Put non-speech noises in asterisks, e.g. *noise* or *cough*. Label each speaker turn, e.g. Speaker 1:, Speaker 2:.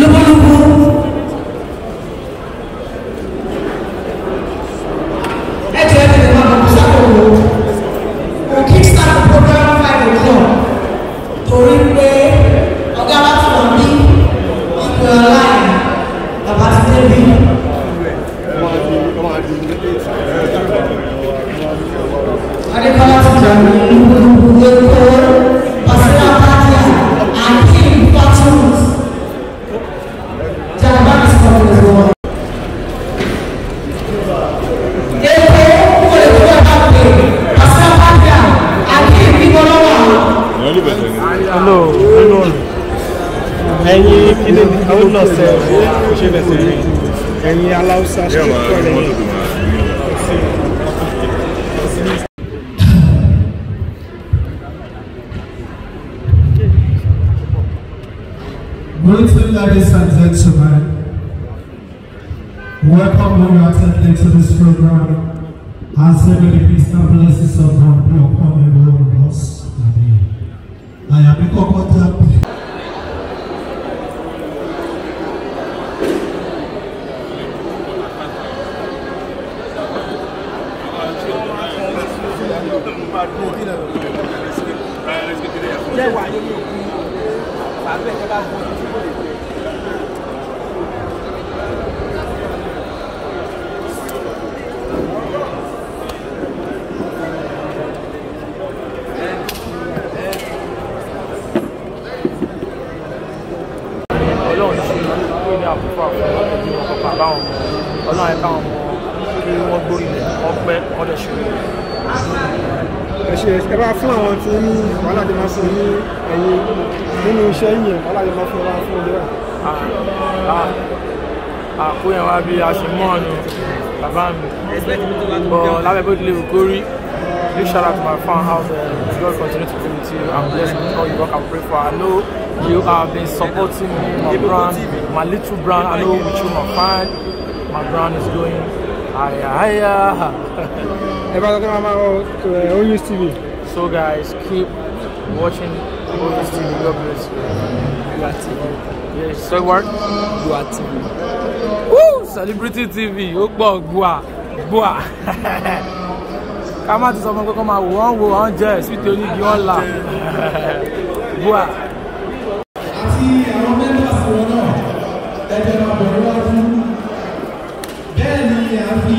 Speaker 1: lubulubu ẹjọ ẹ tẹlẹ máa bọ sákòwò kò kí sáà program five o'clock torí pé ọgá wa ti wọn bí ìpè ọláyà bàbá ti débi. adékọ́lá ti jà ní lubulubu lẹ́kọ̀ọ́. kí lè ní kí ló sẹ ṣe fẹsẹ̀ rìn ẹ̀yin aláwùsá ṣe kọ́ lẹ́yìn. Greetings, ladies and gentlemen. Welcome all attending to this program. And so many peace and blessings of God be upon us. Amen. I am a cocoa máa dùn ọ́ jẹ́ wà ní òkú bàbá ẹ̀ bá ọlọ́run ṣe ní wọn ọlọ́run kí wọ́n gbórí ọpẹ́ ọdẹ ṣe ẹ ṣe ẹ bá fún àwọn tí ní wàhálà jẹ máa fún ní ẹ̀yìn nínú iṣẹ́ yìí yẹn wàhálà jẹ máa fún wa fún ọjọ́ rẹ̀. àpò yẹn wá bí a ṣe mọ́ ọ̀nà bàbá mi bọ̀ lábẹ́ bó tilẹ̀ kó rí shout out to my fan house and eh, God continue to be with you and bless you all you work and pray for. I know you have been supporting me, my brand, my little brand. I know with you, my fan, my brand is going higher, higher. *laughs* Uh, OUS TV. So guys, keep watching OUS TV. God bless you. TV. Yes, so what? Gua TV. Woo! Celebrity TV. Ó pọ̀ Gua. Gua. *laughs* Ká má ti sọ fún pé kó máa wò wọ́n wò wọ́n jẹ́ síbi onígi *laughs* Gua. Àti àwọn mẹ́ta sí náà, ẹ̀jẹ̀ máa bọ̀ wá fún. Bẹ́ẹ̀ ni a fi